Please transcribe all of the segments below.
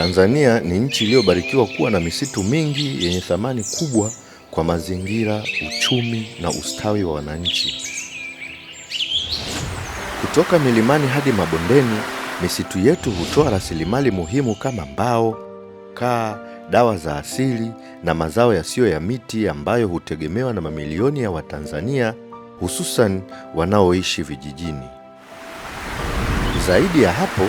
Tanzania ni nchi iliyobarikiwa kuwa na misitu mingi yenye thamani kubwa kwa mazingira, uchumi na ustawi wa wananchi. Kutoka milimani hadi mabondeni, misitu yetu hutoa rasilimali muhimu kama mbao, kaa, dawa za asili na mazao yasiyo ya miti ambayo hutegemewa na mamilioni ya Watanzania hususan wanaoishi vijijini. Zaidi ya hapo,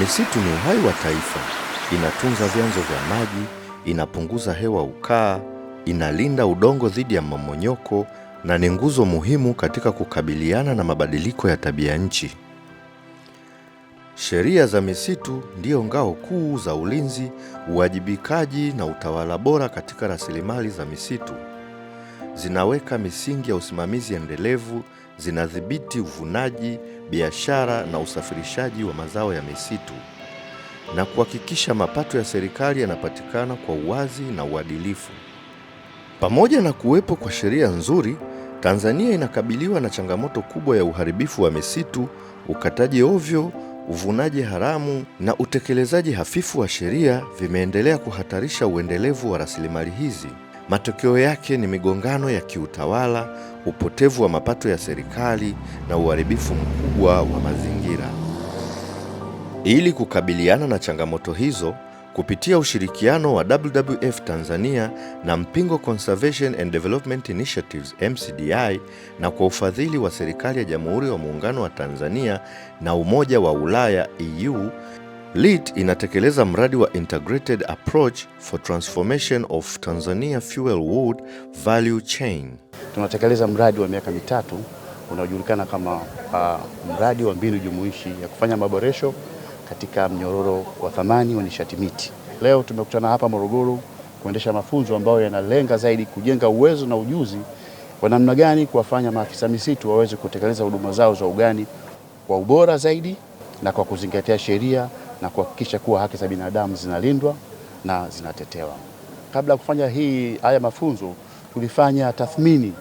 misitu ni uhai wa taifa inatunza vyanzo vya maji, inapunguza hewa ukaa, inalinda udongo dhidi ya mmomonyoko na ni nguzo muhimu katika kukabiliana na mabadiliko ya tabia nchi. Sheria za misitu ndiyo ngao kuu za ulinzi, uwajibikaji na utawala bora katika rasilimali za misitu. Zinaweka misingi ya usimamizi endelevu, zinadhibiti uvunaji, biashara na usafirishaji wa mazao ya misitu na kuhakikisha mapato ya serikali yanapatikana kwa uwazi na uadilifu. Pamoja na kuwepo kwa sheria nzuri, Tanzania inakabiliwa na changamoto kubwa ya uharibifu wa misitu, ukataji ovyo, uvunaji haramu na utekelezaji hafifu wa sheria vimeendelea kuhatarisha uendelevu wa rasilimali hizi. Matokeo yake ni migongano ya kiutawala, upotevu wa mapato ya serikali na uharibifu mkubwa wa mazingira. Ili kukabiliana na changamoto hizo kupitia ushirikiano wa WWF Tanzania na Mpingo Conservation and Development Initiatives MCDI na kwa ufadhili wa serikali ya Jamhuri ya Muungano wa Tanzania na Umoja wa Ulaya EU, LEAT inatekeleza mradi wa Integrated Approach for Transformation of Tanzania Fuel Wood Value Chain. Tunatekeleza mradi wa miaka mitatu unaojulikana kama uh, mradi wa mbinu jumuishi ya kufanya maboresho katika mnyororo wa thamani wa nishati miti. Leo tumekutana hapa Morogoro kuendesha mafunzo ambayo yanalenga zaidi kujenga uwezo na ujuzi wa namna gani kuwafanya maafisa misitu waweze kutekeleza huduma zao za ugani kwa ubora zaidi na kwa kuzingatia sheria na kuhakikisha kuwa haki za binadamu zinalindwa na zinatetewa. Kabla ya kufanya hii haya mafunzo tulifanya tathmini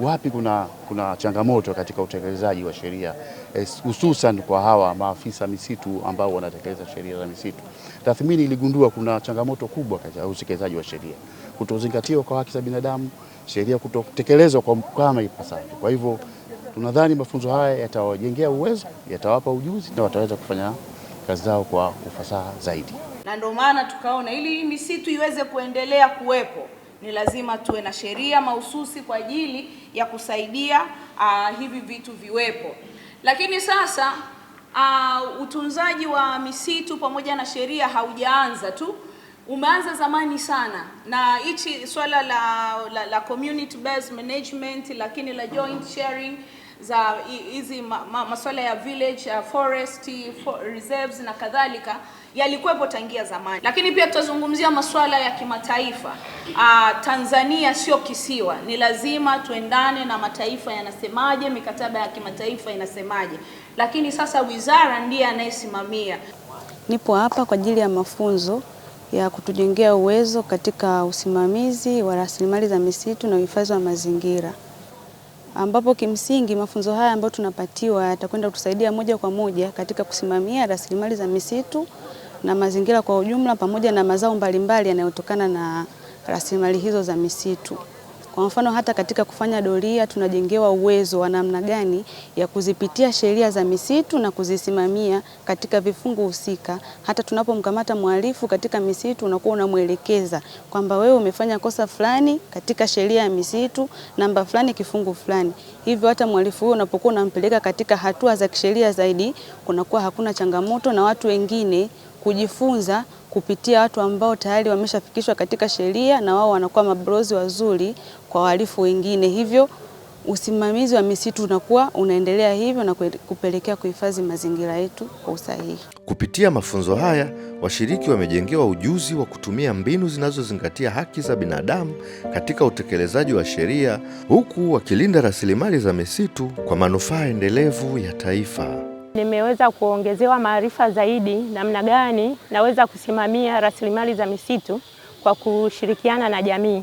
wapi kuna, kuna changamoto katika utekelezaji wa sheria eh, hususan kwa hawa maafisa misitu ambao wanatekeleza sheria za misitu. Tathmini iligundua kuna changamoto kubwa katika utekelezaji wa sheria, kutozingatiwa kwa haki za binadamu, sheria kutotekelezwa kwa kama ipasavyo. Kwa hivyo tunadhani mafunzo haya yatawajengea uwezo, yatawapa ujuzi na wataweza kufanya kazi zao kwa ufasaha zaidi, na ndio maana tukaona ili misitu iweze kuendelea kuwepo ni lazima tuwe na sheria mahususi kwa ajili ya kusaidia uh, hivi vitu viwepo. Lakini sasa uh, utunzaji wa misitu pamoja na sheria haujaanza tu, umeanza zamani sana, na hichi swala la, la, la community based management lakini la joint sharing za hizi masuala ya village uh, forest for, reserves na kadhalika yalikuwepo tangia zamani, lakini pia tutazungumzia masuala ya kimataifa. Uh, Tanzania sio kisiwa, ni lazima tuendane na mataifa yanasemaje, mikataba ya kimataifa inasemaje, lakini sasa wizara ndiye anayesimamia. Nipo hapa kwa ajili ya mafunzo ya kutujengea uwezo katika usimamizi wa rasilimali za misitu na uhifadhi wa mazingira ambapo kimsingi mafunzo haya ambayo tunapatiwa yatakwenda kutusaidia moja kwa moja katika kusimamia rasilimali za misitu na mazingira kwa ujumla pamoja na mazao mbalimbali yanayotokana na rasilimali hizo za misitu. Kwa mfano hata katika kufanya doria tunajengewa uwezo wa namna gani ya kuzipitia sheria za misitu na kuzisimamia katika vifungu husika. Hata tunapomkamata mhalifu katika misitu, unakuwa unamwelekeza kwamba wewe umefanya kosa fulani katika sheria ya misitu namba fulani kifungu fulani. Hivyo hata mhalifu huyo unapokuwa unampeleka katika hatua za kisheria zaidi, kunakuwa hakuna changamoto na watu wengine kujifunza kupitia watu ambao tayari wameshafikishwa katika sheria na wao wanakuwa mabalozi wazuri kwa wahalifu wengine, hivyo usimamizi wa misitu unakuwa unaendelea hivyo na kupelekea kuhifadhi mazingira yetu kwa usahihi. Kupitia mafunzo haya, washiriki wamejengewa ujuzi wa kutumia mbinu zinazozingatia haki za binadamu katika utekelezaji wa sheria, huku wakilinda rasilimali za misitu kwa manufaa endelevu ya taifa. Nimeweza kuongezewa maarifa zaidi namna gani naweza kusimamia rasilimali za misitu kwa kushirikiana na jamii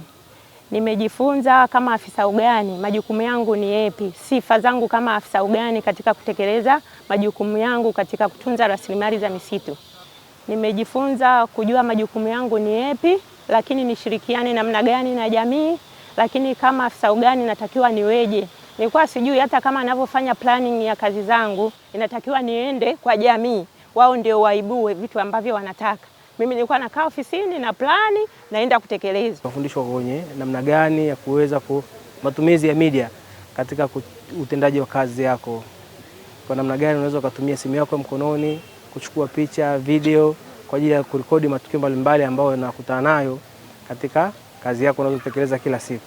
nimejifunza kama afisa ugani majukumu yangu ni yapi, sifa zangu kama afisa ugani katika kutekeleza majukumu yangu katika kutunza rasilimali za misitu. Nimejifunza kujua majukumu yangu ni yapi, lakini nishirikiane namna gani na jamii, lakini kama afisa ugani natakiwa niweje. Nilikuwa sijui hata kama anavyofanya planning ya kazi zangu, inatakiwa niende kwa jamii, wao ndio waibue vitu ambavyo wanataka. Mimi nilikuwa nakaa ofisini na plani naenda kutekeleza. Mafundisho kwenye namna gani ya kuweza ku matumizi ya media katika utendaji wa kazi yako, kwa namna gani unaweza ukatumia simu yako mkononi kuchukua picha, video kwa ajili ya kurekodi matukio mbalimbali ambayo unakutana nayo katika kazi yako unazotekeleza kila siku.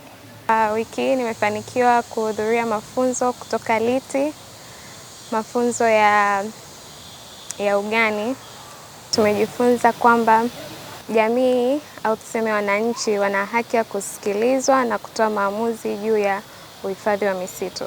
Uh, wiki hii nimefanikiwa kuhudhuria mafunzo kutoka LITI, mafunzo ya ya ugani tumejifunza kwamba jamii au tuseme wananchi wana haki ya kusikilizwa na kutoa maamuzi juu ya uhifadhi wa misitu.